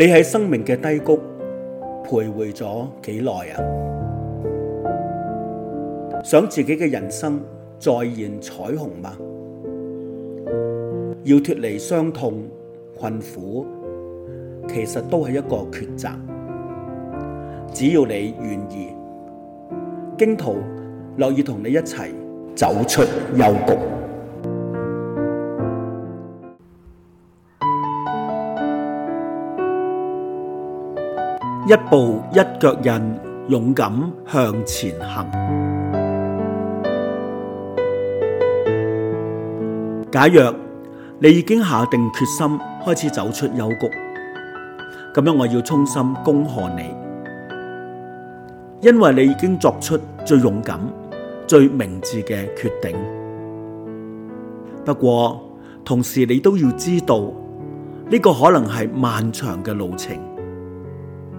你喺生命嘅低谷徘徊咗幾耐啊？想自己嘅人生再現彩虹嗎？要脫離傷痛困苦，其實都係一個抉擇。只要你願意，荊徒樂意同你一齊走出幽谷。一步一腳印，勇敢向前行。假若你已經下定決心，開始走出幽谷，咁樣我要衷心恭賀你，因為你已經作出最勇敢、最明智嘅決定。不過，同時你都要知道，呢個可能係漫長嘅路程。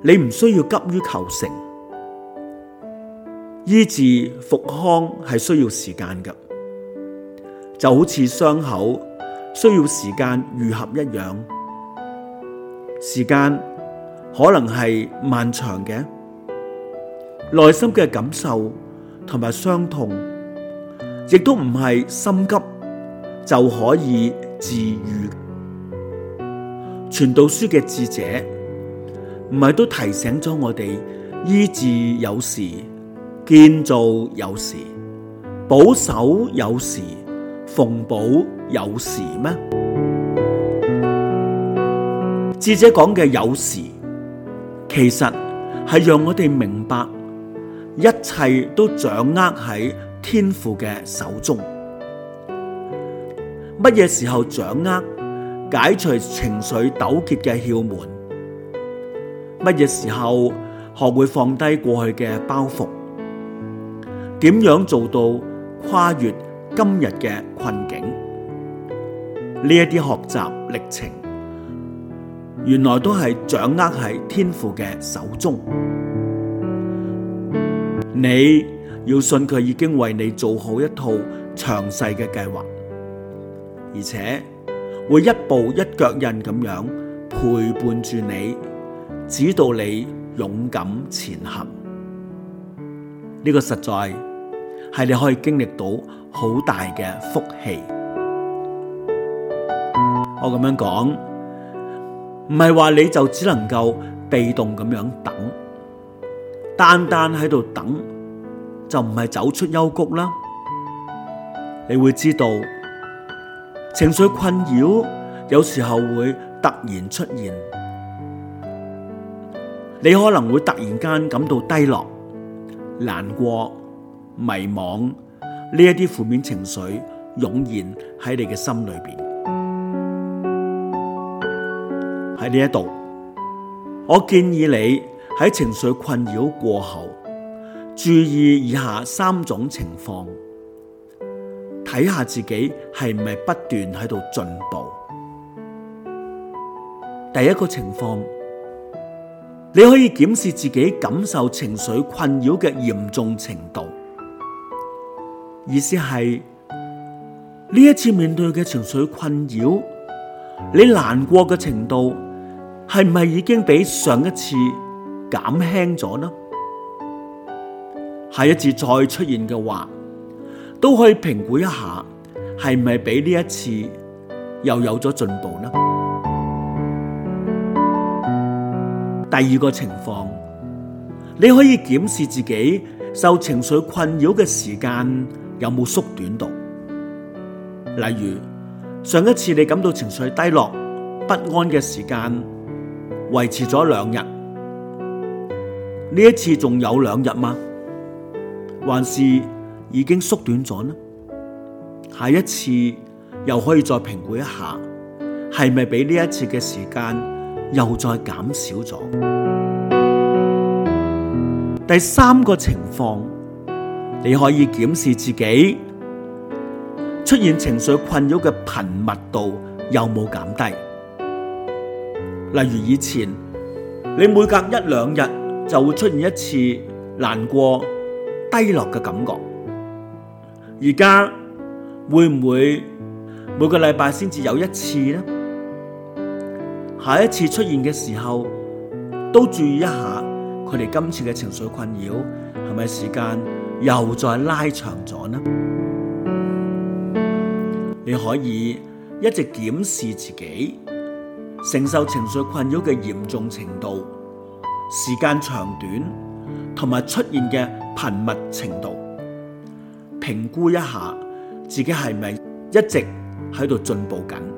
你唔需要急於求成，醫治復康係需要時間㗎，就好似傷口需要時間愈合一樣。時間可能係漫長嘅，內心嘅感受同埋傷痛，亦都唔係心急就可以治愈。傳道書嘅智者。唔係都提醒咗我哋醫治有時、建造有時、保守有時、奉保有時咩？智者講嘅有時，其實係讓我哋明白，一切都掌握喺天父嘅手中。乜嘢時候掌握解除情緒糾結嘅竅門？乜嘢時候學會放低過去嘅包袱？點樣做到跨越今日嘅困境？呢一啲學習歷程，原來都係掌握喺天父嘅手中。你要信，佢已經為你做好一套詳細嘅計劃，而且會一步一腳印咁樣陪伴住你。指導你勇敢前行，呢個實在係你可以經歷到好大嘅福氣。我咁樣講，唔係話你就只能夠被動咁樣等，單單喺度，等就唔係走出幽谷啦。你會知道情緒困擾有時候會突然出現。你可能會突然間感到低落、難過、迷惘，呢一啲負面情緒湧現喺你嘅心裏邊。喺呢一度，我建議你喺情緒困擾過後，注意以下三種情況，睇下自己係咪不斷喺度進步。第一個情況。你可以檢視自己感受情緒困擾嘅嚴重程度，意思係呢一次面對嘅情緒困擾，你難過嘅程度係唔係已經比上一次減輕咗呢？下一次再出現嘅話，都可以評估一下係唔係比呢一次又有咗進步呢？第二個情況，你可以檢視自己受情緒困擾嘅時間有冇縮短到。例如，上一次你感到情緒低落、不安嘅時間維持咗兩日，呢一次仲有兩日嗎？還是已經縮短咗呢？下一次又可以再評估一下，係咪比呢一次嘅時間？又再減少咗。第三個情況，你可以檢視自己出現情緒困擾嘅頻密度有冇減低。例如以前，你每隔一兩日就會出現一次難過、低落嘅感覺，而家會唔會每個禮拜先至有一次呢？下一次出現嘅時候，都注意一下佢哋今次嘅情緒困擾，係咪時間又再拉長咗呢？你可以一直檢視自己承受情緒困擾嘅嚴重程度、時間長短同埋出現嘅頻密程度，評估一下自己係咪一直喺度進步緊。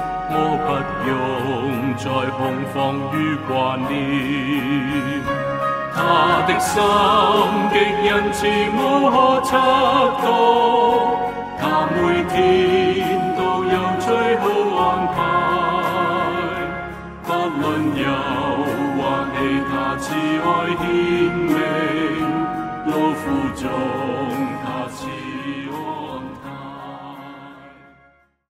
我不用再恐慌，於掛念，他的心極仁慈，無可測度他每天。